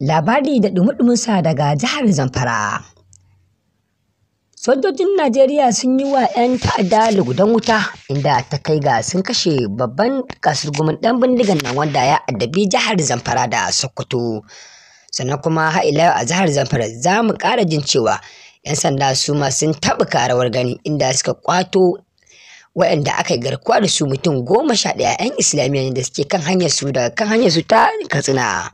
labari da ɗumi daga jihar zamfara sojojin najeriya sun yi wa 'yan ta'adda lugudan wuta inda ta kai ga sun kashe babban kasurgumin ɗan bindigan nan wanda ya addabi jihar zamfara da sokoto sannan kuma ha'ila a jihar zamfara za mu ƙara jin cewa 'yan sanda su ma sun taɓa karawar gani inda suka kwato waɗanda aka garkuwa da su mutum goma sha ɗaya 'yan islamiyya ne da suke kan hanyar su daga kan hanyar su ta katsina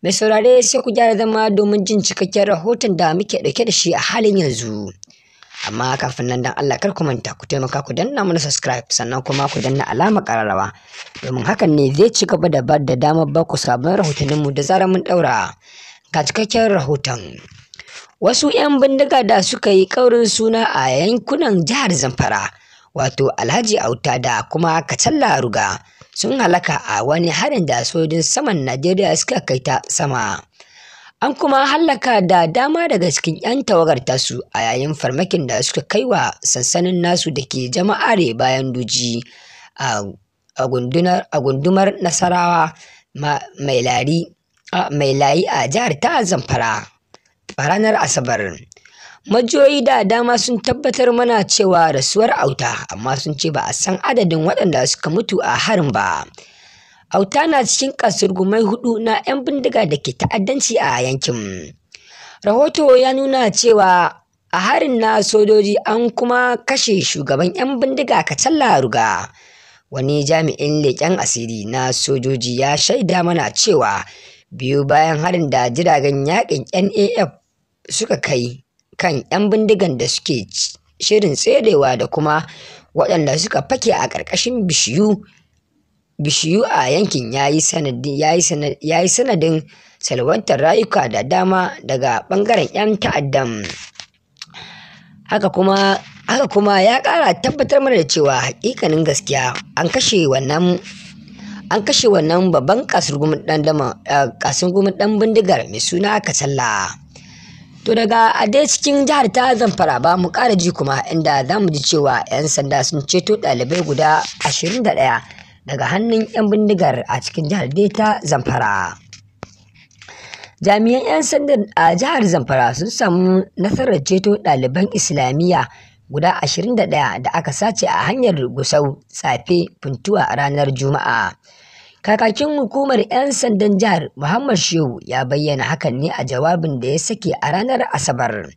Mai saurare sai ku gyara zama domin jin cikakken rahoton da muke ɗauke da shi a halin yanzu. Amma kafin nan dan Allah kar ku manta ku taimaka ku danna mana subscribe sannan kuma ku danna alama kararrawa domin hakan ne zai ci gaba da bada damar ba ku sabon rahotanninmu da zarar mun ɗaura. Ga cikakken rahoton. Wasu 'yan bindiga da suka yi ƙaurin suna a yankunan jihar Zamfara wato Alhaji Auta da kuma Kacalla Ruga. sun halaka a wani harin da sojin saman Najeriya suka kai ta sama. An kuma hallaka da dama daga cikin 'yan tawagar tasu a yayin farmakin da suka kai wa sansanin nasu da ke jama'are bayan duji a gundumar Nasarawa mai layi a jihar ta Zamfara ranar Asabar. majiyoyi da dama sun tabbatar mana cewa rasuwar auta amma sun ce ba a san adadin waɗanda suka mutu a harin ba auta na cikin kasurgumai hudu na 'yan bindiga da ke ta'addanci a yankin rahoto ya nuna cewa a harin na sojoji an kuma kashe shugaban 'yan bindiga kacalla ruga wani jami'in leƙen asiri na sojoji ya shaida mana cewa biyu bayan harin da jiragen yaƙin naf suka kai kan 'yan bindigan da suke shirin tserewa da kuma waɗanda suka fake a ƙarƙashin bishiyu bishiyu a yankin ya yi sanadin salwantar rayuka da dama daga ɓangaren 'yan ta'addan haka kuma haka kuma ya ƙara tabbatar mana da cewa hakikanin gaskiya an kashe wannan an kashe wannan babban kasurgumin ɗan eh, bindigar mai suna kasalla To daga a dai cikin jihar ta Zamfara ba mu ƙara ji kuma inda za mu ji cewa 'yan sanda sun ceto ɗalibai guda 21 daga hannun 'yan bindigar a cikin jihar dai ta Zamfara. Jami'an 'yan sanda a jihar Zamfara sun samu nasarar ceto ɗaliban Islamiyya guda 21 da aka sace a hanyar Gusau, Safe, Funtuwa ranar Juma'a. Kakakin Hukumar ‘Yan Sandan Jihar Muhammad Shehu ya bayyana hakan ne a jawabin da ya sake a ranar Asabar.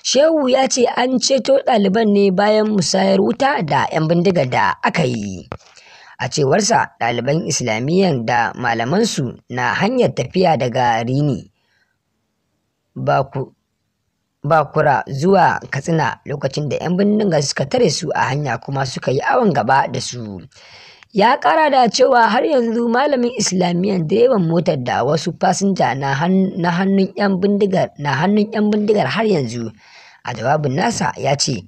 Shehu ya ce an ceto ɗaliban ne bayan musayar wuta da ‘yan bindiga da aka yi. A cewarsa, ɗaliban Islamiyyar da malamansu na hanyar tafiya daga Rini Bakura zuwa Katsina lokacin da ‘yan bindiga suka tare su a hanya kuma suka yi awon gaba da su. Ya ƙara da cewa har yanzu malamin Islamiyyar direban motar da wasu fasinja na hannun 'yan bindigar har yanzu. A jawabin nasa ya ce,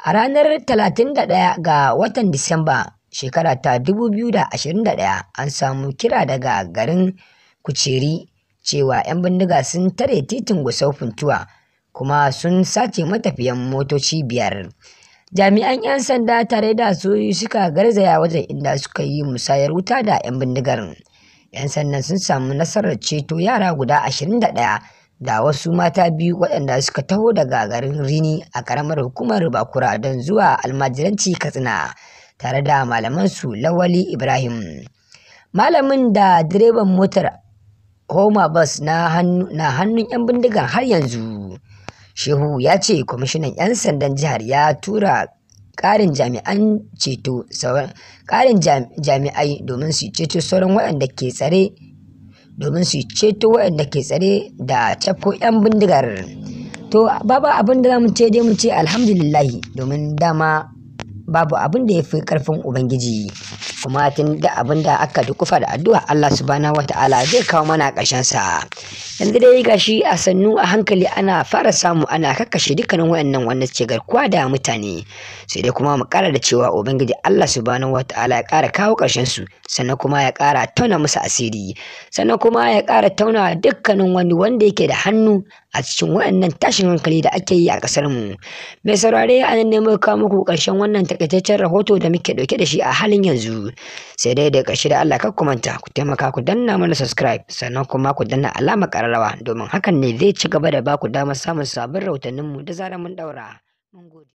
a ranar 31 ga watan Disamba shekara ta 2021 an samu kira daga garin Kuceri cewa 'yan bindiga sun tare titin Gusau Funtuwa kuma sun sace matafiyan motoci biyar. Jami'an 'yan sanda tare da sojoji suka garzaya wajen inda suka yi musayar wuta da 'yan bindigar. 'Yan sandan sun samu nasarar ceto yara guda 21 da wasu mata biyu waɗanda suka taho daga garin Rini a ƙaramar hukumar Bakura don zuwa almajiranci Katsina tare da malamansu Lawali Ibrahim. Malamin da direban motar Homa Bus na hannun 'yan bindigar har yanzu. Shehu ya ce kwamishinan 'yan sandan jihar ya tura ƙarin jami'an ceto ƙarin jami'ai domin su ceto sauran waɗanda ke tsare domin su ceto waɗanda ke tsare da tafko 'yan bindigar to babu abin da mu ce dai mu ce alhamdulillahi domin dama babu abin da ya fi ƙarfin ubangiji kuma tun da abin da aka dukufa da addu'a Allah subhanahu wataala zai kawo mana ƙarshen sa yanzu dai gashi a sannu a hankali ana fara samu ana kakkashe dukkanin wayannan wanda ce garkuwa da mutane sai dai kuma mu kara da cewa ubangiji Allah subhanahu wataala ya kara kawo karshen su sannan kuma ya kara tauna musu asiri sannan kuma ya kara tauna dukkanin wani wanda yake da hannu a cikin wayannan tashin hankali da ake yi a kasar mu mai saurare a nan ne muka muku karshen wannan takaitaccen rahoto da muke dauke da shi a halin yanzu sai dai da karshe da Allah ka ku manta ku taimaka ku danna mana subscribe sannan kuma ku danna alamar rawa domin hakan ne zai ci gaba da baku damar samun sabbin rahotanninmu da zarar mun daura. Mun gode.